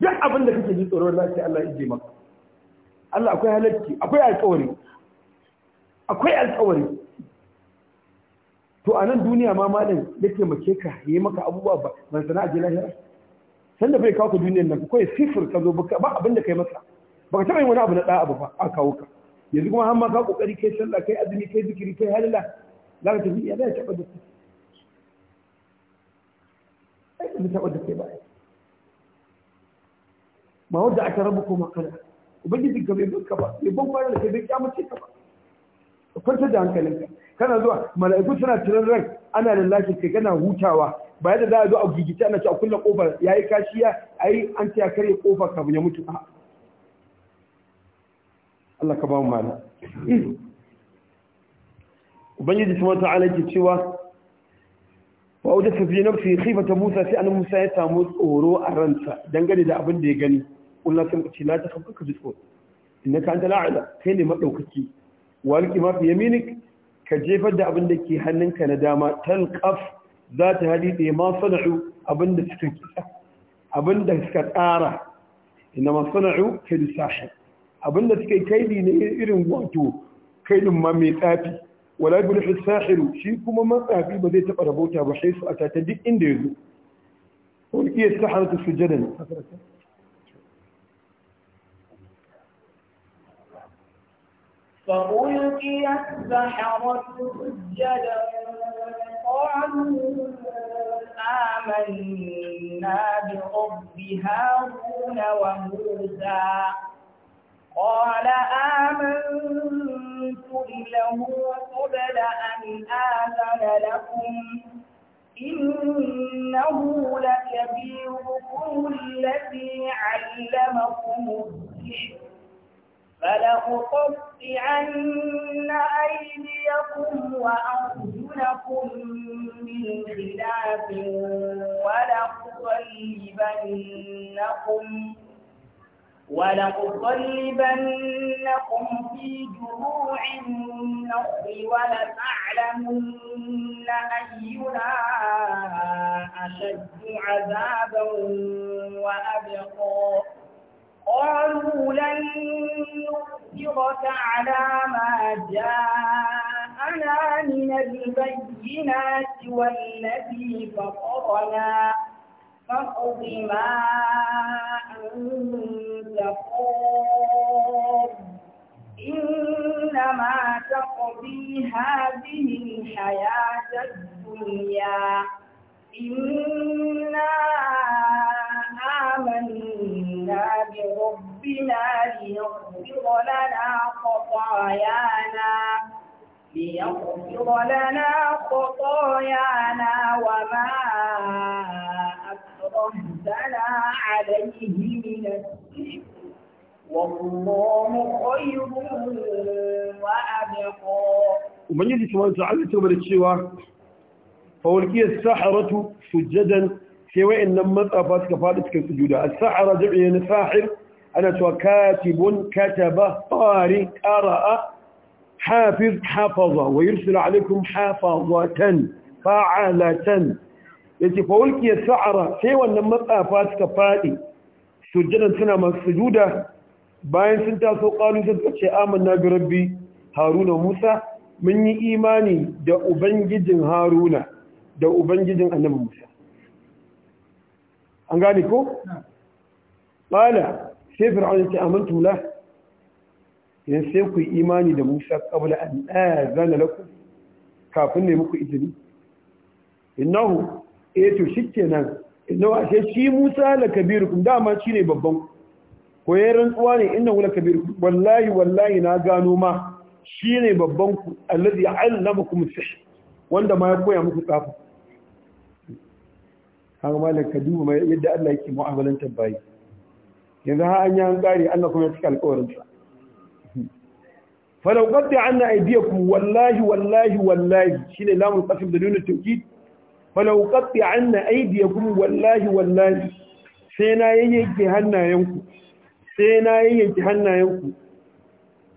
duk abin da kake ji tsoro wallahi sai Allah ya ji maka Allah akwai halarci akwai alƙawari akwai alƙawari to a nan duniya ma malam ya mace ka ya yi maka abubuwa ba ban sana aje lahira sanda bai kawo ka duniyar nan kawai sifir ka zo ba abin da kai masa ba ka taɓa yin wani abu na ɗaya abu ba a kawo ka yanzu kuma amma ka kokari kai sallah kai azumi kai zikiri kai halala za ka tafi ya zai taɓa da kai ai ba taɓa da kai ba ma wadda aka rabu ko makana ubangijin ka bai banka ba bai ban fara da kai bai kyamace ka ba ka kwanta da hankalinka kana zuwa mala'iku suna tiran rai ana lallashi kai kana hutawa ba yadda za a zo a gigita ana ce a kulle kofar yayi kashiya ai an ce ya karye kofar ka ya mutu a'a Allah ka ba mu mana ubangiji subhanahu ta'ala ke cewa wa na fi kifa ta Musa sai an Musa ya samu tsoro a ransa dangane da abin da ya gani kullum sun ce lata ta khafka ka ji tsoro ka anta la'ala kai ne madaukaki walqi ma fi yaminik ka jefar da abin da ke hannunka na dama talqaf za ta hadiɗe ma sana'u abin da suka kisa abin da suka tsara inna ma sana'u kai da sashi abinda suke kaidi ne irin wato kaidin ma mai tsafi wala yubulhu sahiru shi kuma ma tsafi ba zai taba rabota ba sai su a tata duk inda yazo ulqiya as-sahratu sujadan فألقي السحرة سجدا قالوا آمنا برب هارون وموسى قال آمنتم له قبل أن آذن لكم إنه لكبيركم الذي علمكم الشرك فلأقطعن أيديكم وأرجلكم من خلاف ولأصلبنكم ولأصلبنكم في جموع النخل ولتعلمن أينا أشد عذابا وأبقى قالوا لن نؤثرك على ما جاءنا من البينات والذي فطرنا فاقض ما أنت ما تقضي هذه الحياة الدنيا إنا آمنا بربنا ليغفر لنا خطايانا ليغفر لنا خطايانا وما أكرهتنا عليه من السحر Ubangiji su wani ta'ala ta bada cewa fawalkiyar saharatu sujadan sai wa'in nan matsafa suka faɗi cikin sujuda a sahara jami'a na sahir ana cewa katibun kataba tsari ƙara'a hafiz hafaza wa yursula alaikum hafazatan fa'alatan ya ce fawalkiyar sahara sai wannan matsafa suka faɗi sujjadan suna masu sujuda bayan sun taso ƙalu sun ce amanna na rabbi haruna musa mun yi imani da ubangijin haruna da ubangijin annabi musa an gane ko Bala sai fir'aun ta amantu la idan sai ku imani da musa qabla an azana laku kafin ne muku izini innahu eh to shikenan innahu ashe shi musa la kabirukum dama shine babban ku ko ya rantsuwa ne inna wula kabir wallahi wallahi na gano ma shine babban ku allazi allamakum sihr wanda ma ya koya muku tsafa haka malam ka duba yadda Allah yake mu'amalanta bayi yanzu ha an yi an Allah kuma ya cika alƙawarinsa falau qadda anna aydiyakum wallahi wallahi wallahi shine lamul qasam da nuna tawkid falau qadda anna aydiyakum wallahi wallahi sai na yayyake hannayenku sai na yanki hannayenku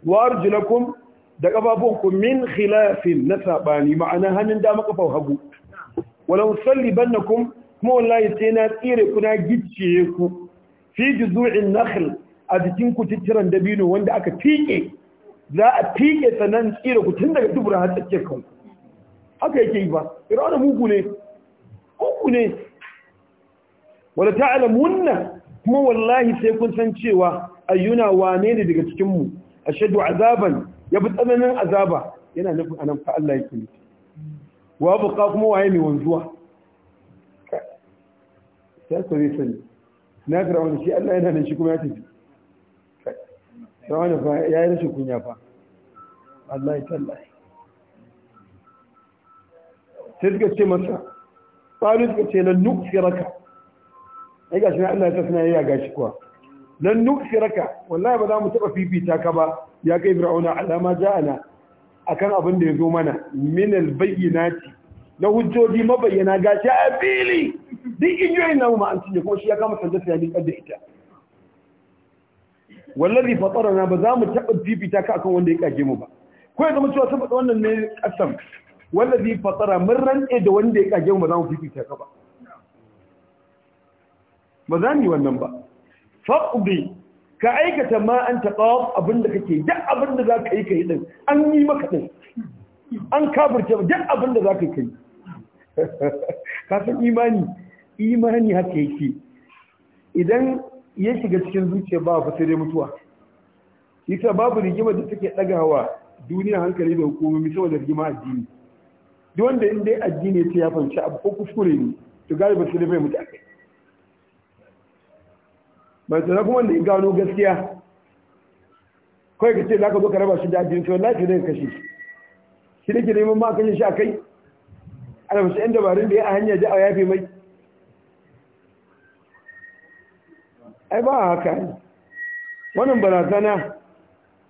wa arjulakum da ƙafafunku min khilafin na saɓani, ma'ana hannun dama kafan hagu walau kun, kuma wallahi sai na tsire ku na gicciye ku fi juzu'in nakhl a jikin ku titiran dabino wanda aka fiƙe za a tike sanan tsire ku tun daga dubura har tsakiyar kanku haka yake yi ba irana muku ne Muku ne wala ta'lamunna kuma wallahi sai kun san cewa ayyuna wane ne daga cikin mu ashadu azaban ya bi tsananin azaba yana nufin anan fa Allah yake nufi wa buka kuma waye mai wanzuwa sai ku zai sani na kira wani shi Allah yana nan shi kuma ya tafi sai wani fa ya yi rashin kunya fa Allah ya tallahi sai suka ce masa ƙwari suka ce nufi raka. ai gashi na Allah ya suna ya gashi kuwa lan nukhiraka wallahi ba za mu taba fifita ka ba ya kai fir'auna alama ja'ana akan abin da ya zo mana min albayyinati na hujjoji mabayyana gashi a fili duk injiyoyin na mu an cinye kuma shi ya kama sanda sai ni kadda ita wallahi fatarana ba za mu taba fifita ka akan wanda ya kage mu ba ko yanzu zama ci wata wannan ne kasam wallahi fatara mun da wanda ya kage mu ba za mu fifita ka ba ba za mu yi wannan ba faqdi ka aikata ma an taqaf abinda kake duk abinda za ka yi kai din an yi maka din an kafirce duk abinda za ka yi ka san imani imani haka yake idan ya shiga cikin zuciya ba fa sai dai mutuwa ita babu rigima da take dagawa duniya hankali da hukumomi saboda rigima addini duk wanda in dai addini ya ya fanci abu ko kuskure ne to ba sai dai bai mutu ba ta kuma wanda in gano gaskiya kawai ka ce za ka zo ka raba shi da addini to lafi ne ya kashe shi shi ke neman ma kashe shi a kai ana mashi yan dabarun da ya a hanyar ji a yafe mai ai ba haka ne. wannan barazana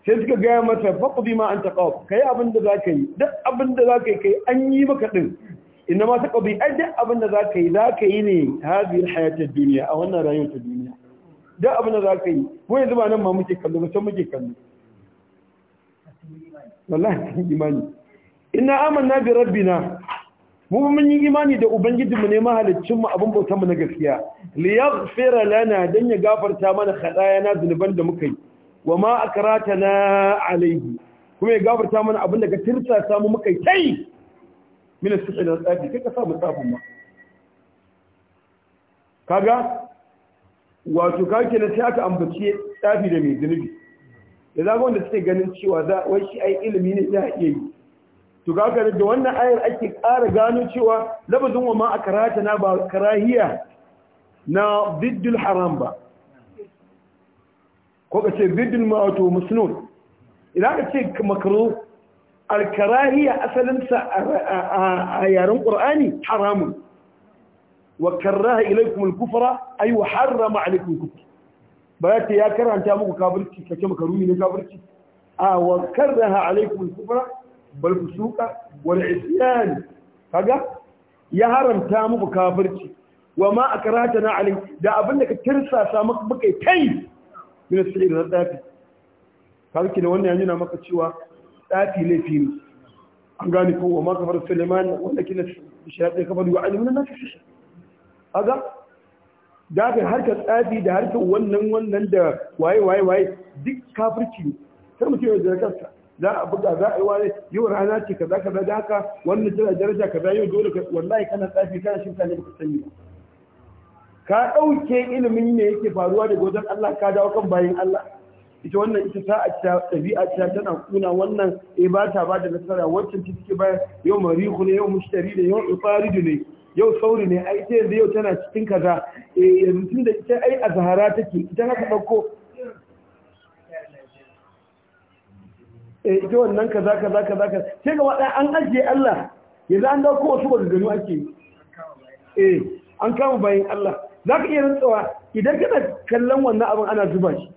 sai suka gaya mata faƙubi ma an taƙawa ka yi abin da za ka yi duk abin da za ka yi kai an yi maka ɗin inda ma bi ai duk abin da za ka yi za ka yi ne haziyar hayatar duniya a wannan rayuwar ta duniya duk abin da za ka yi ko yanzu ba nan ma muke kallo ba can muke kallo wallahi sun imani inna amanna bi rabbina mu mun yi imani da ubangiji mu ne mahalicin mu abin bautar mu na gaskiya li yaghfira lana dan ya gafarta mana na zunuban da muka yi wa ma akratana alayhi kuma ya gafarta mana abin da ka tirsa samu muka yi kai min as-sihr tsafi kai ka sa mu tsafin ma kaga wato ka kenan sai aka ambaci tsafi da mai zunubi da za wanda suke ganin cewa za wai shi ai ilimi ne za a iya yi to kaga da wannan ayar ake ƙara gano cewa labazin wa ma a karata na ba karahiya na biddul haram ba ko ka ce biddul ma wato musnun idan ka ce makaro alkarahiya asalinsa a yaren ƙur'ani haramun wa karraha ilaykum al-kufra ay wa harrama al-kufr ba ya karanta muku kafirci kace makarumi ne kafirci a wa karraha alaykum al-kufra bal fusuqa wal isyan ya haramta muku kafirci wa ma akratana alayhi da abinda ka tirsasa maka muka kai min as-sa'ir na tsafi kafirci da wannan ya nuna maka cewa tsafi an gane ko aga da harkar tsafi da harkar wannan wannan da waye waye waye duk kafirci ne sai mutum ya zira kansa za a buga za a yi waye yau rana ce kaza kaza da haka wannan tana daraja kaza yau dole ka wallahi kana tsafi kana shi ne ka sani ba ka dauke ilimin ne yake faruwa daga wajen Allah ka dawo kan bayin Allah ita wannan ita ta a cikin tabi'a ta tana kuna wannan ibata eh, ba da nasara wacce ta take bayan yau marihu ne yau mushtari ne yau ifaridu ne yau sauri ne ai ce yanzu yau tana cikin kaza eh yanzu tun da ita ai a zahara take ita haka ɗauko eh ita wannan kaza kaza kaza kaza sai ga waɗa an ajiye Allah yanzu an dauko wasu ba gano ake eh an kama bayan Allah za ka iya rantsawa idan kana kallon wannan abin ana zuba shi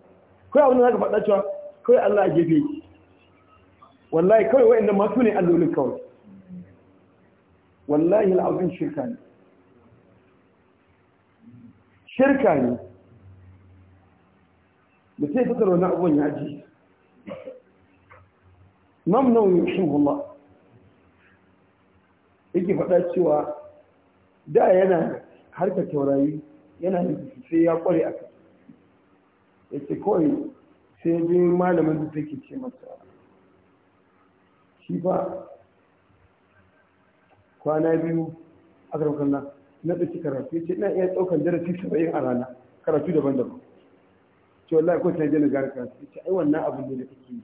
kawai abin za ka faɗa cewa kawai Allah a gefe wallahi kawai wa'annan masu ne allolin kawai wallahi al'azim shirka ne shirka ne da sai fitar wani abubuwan ya ji mamnau ya shi hula yake faɗa cewa da yana harkar taurari yana sai ya ƙware a kai ya ce kawai sai ya malamin da take ce masa shi ba kwana biyu a karkar nan na ɗauki karatu ya ce na iya ɗaukar darasi saba'in a rana karatu daban-daban ce wallahi ko sai jana gara karatu ya ce ai wannan abin ne da kake yi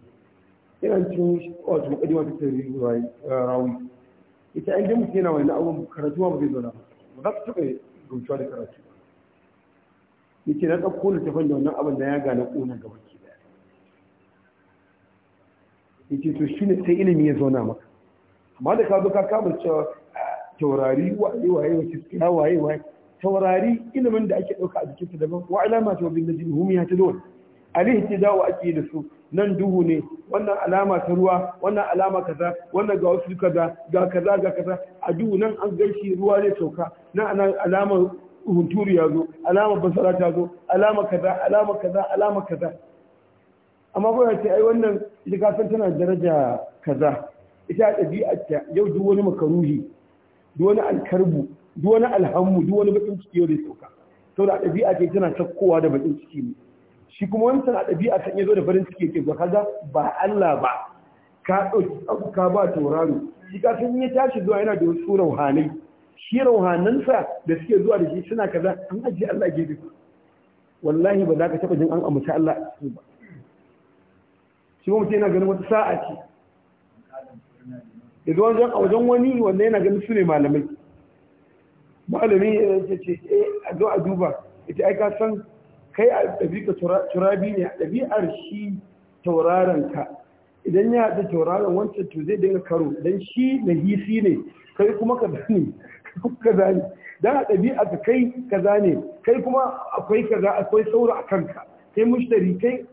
ina cin wato wata ta tsari eh, rawi ya ce an ji mutum yana wani abin karatu ma ba zai zauna ba ba za su tuka gamsuwa da karatu ya ce na ɗauko tafan da wannan abin da ya gane ƙunan gaba ke da ya ce to shi ne sai ilimi ya zauna maka amma da ka zo ka kamar cewa taurari waye waye wace tsira waye waye taurari ilimin da ake ɗauka a su daban wa alama ta wabin najin hum ya tadon alih tidawa ake da su nan duhu ne wannan alama ta ruwa wannan alama kaza wannan ga wasu kaza ga kaza ga kaza a duhu nan an gaishe ruwa ne sauka nan ana alama hunturu ya zo alama basara ta zo alama kaza alama kaza alama kaza amma ko ya ce ai wannan ita ka san tana daraja kaza ita a ta yau duk wani makaruhi duk wani alkarbu duk wani alhammu duk wani bakin ciki yau zai sauka da ɗabi'a ce tana sakkowa da bakin ciki ne shi kuma wancan sana ɗabi'a kan ya zo da farin ciki ke ba kaga ba Allah ba ka ɗauki ka ba tauraro shi ka san ya tashi zuwa yana da wasu rauhanai shi rauhanansa da suke zuwa da shi suna kaza an ajiye Allah gefe wallahi ba za ka taɓa jin an amince Allah a cikin ba shi kuma mutum yana ganin wata sa'a ce Idan zo wajen wajen wani wanda yana ganin su ne malamai malami ya ce ce eh, a zo a duba ita aika ka san kai a ɗabi'a turabi ne a ɗabi'ar shi tauraron ka idan ya haɗu tauraron wancan to zai dinga karo don shi na hisi ne kai kuma ka zane ka zane don a ɗabi'a ka kai ka zane kai kuma akwai kaza akwai saura a kanka kai mushtari kai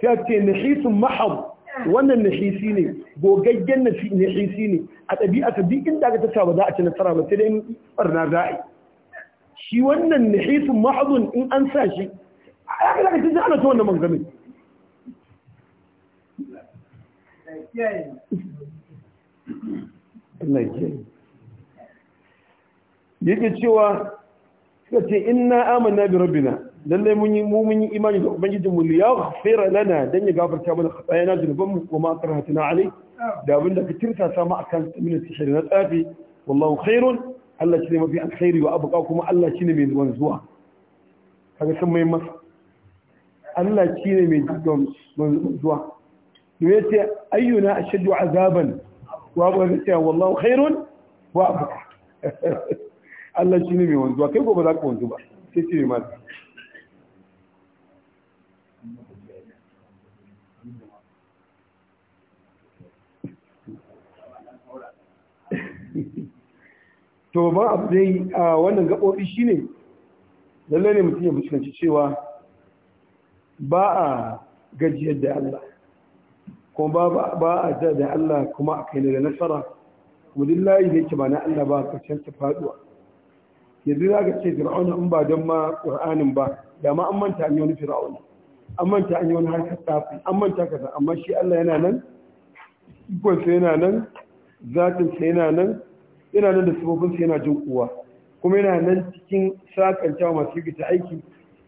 ta ce nahisun mahab wannan nashisi ne gogaggen nashisi ne a a duk inda aka tasha ba za a ci nasara ba sai dai barna za a yi shi wannan nahisin mahazun in an sa shi a yaƙi da kacin ana ta wannan mangamin yake cewa suka ce inna amanna bi rabbina lallai mun yi mun yi imani da ubangijin mu yaghfira lana dan ya gafarta mana khatayana zunuban mu kuma karhatuna alai da abin da ka tirta sa mu akan min tashari na tsafi wallahu khairun Allah shine mafi alkhairi wa abqa kuma Allah shine mai zuwan zuwa kaga sun mai masa Allah shine mai zuwan zuwa yace ayyuna ashaddu azaban wa abqa sai wallahu khairun wa abqa Allah shine mai zuwa kai gobe za ka wanzu ba sai ce mai masa to babban abu dai a wannan gaɓoɓi shine lallai ne mutum ya fuskanci cewa ba a gajiyar da Allah kuma ba a ja da Allah kuma a kai da nasara kuma duk layi da yake ba na Allah ba a karshen ta faduwa yanzu za ka ce fir'auna in ba don ma ƙur'anin ba da ma an manta an yi wani fir'auna an manta an yi wani harkar tafi an manta kaza amma shi Allah yana nan ikonsa yana nan zatinsa yana nan yana nan da sifofinsa yana jin kuwa kuma yana nan cikin sakantawa masu yi ta aiki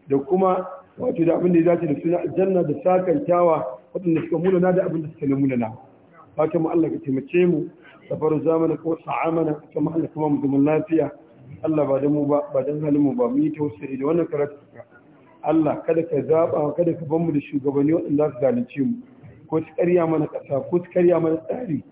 da kuma wato da abin da ya dace da suna aljanna da sakantawa waɗanda suka na da abin da suka na mulana fata mu Allah ka taimake mu da faru zamanin ko sa'amana kuma Allah kuma mu zaman lafiya Allah ba da mu ba ba dan halin mu ba mu yi tausayi da wannan karatu Allah kada ka zaba kada ka bar mu da shugabanni waɗanda za su zalunce mu ko su karya mana ƙasa ko su karya mana tsari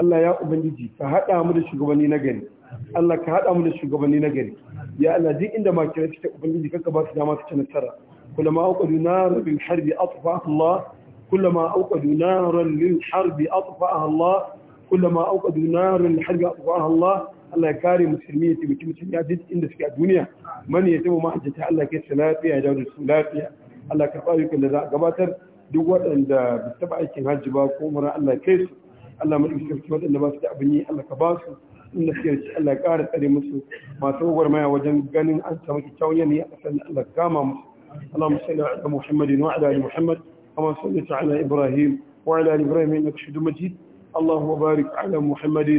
Allah ya ubangiji ka haɗa mu da shugabanni na gari Allah ka haɗa mu da shugabanni na gari ya Allah duk inda makira ta ubangiji kanka ba su dama su ci nasara kullama auqadu naran lil harbi atfa'aha Allah kullama auqadu naran lil harbi atfa'aha Allah kullama auqadu naran lil harbi atfa'aha Allah Allah ya kare musulmi ya taimaki musulmi a duk inda suke a duniya mani ya taimaka mahajjata Allah ke su lafiya ya dawo su lafiya Allah ka fara da za a gabatar duk waɗanda ba aikin hajji ba ko mura Allah kai su Allah mai sarki waɗanda ba su da abin yi Allah ka ba su inda suke da Allah ya ƙara tsare musu masu gwagwarmaya wajen ganin an samu kyakkyawan yanayi a Allah kama musu اللهم صل على محمد وعلى ال محمد كما صليت على ابراهيم وعلى ال ابراهيم انك حميد مجيد اللهم بارك على محمد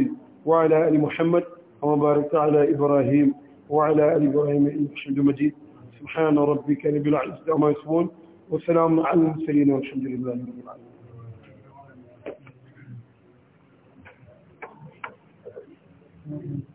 وعلى ال محمد كما باركت على ابراهيم وعلى ال ابراهيم انك حميد مجيد سبحان ربك رب العزه عما يصفون وسلام على المرسلين والحمد لله رب العالمين Mm-hmm.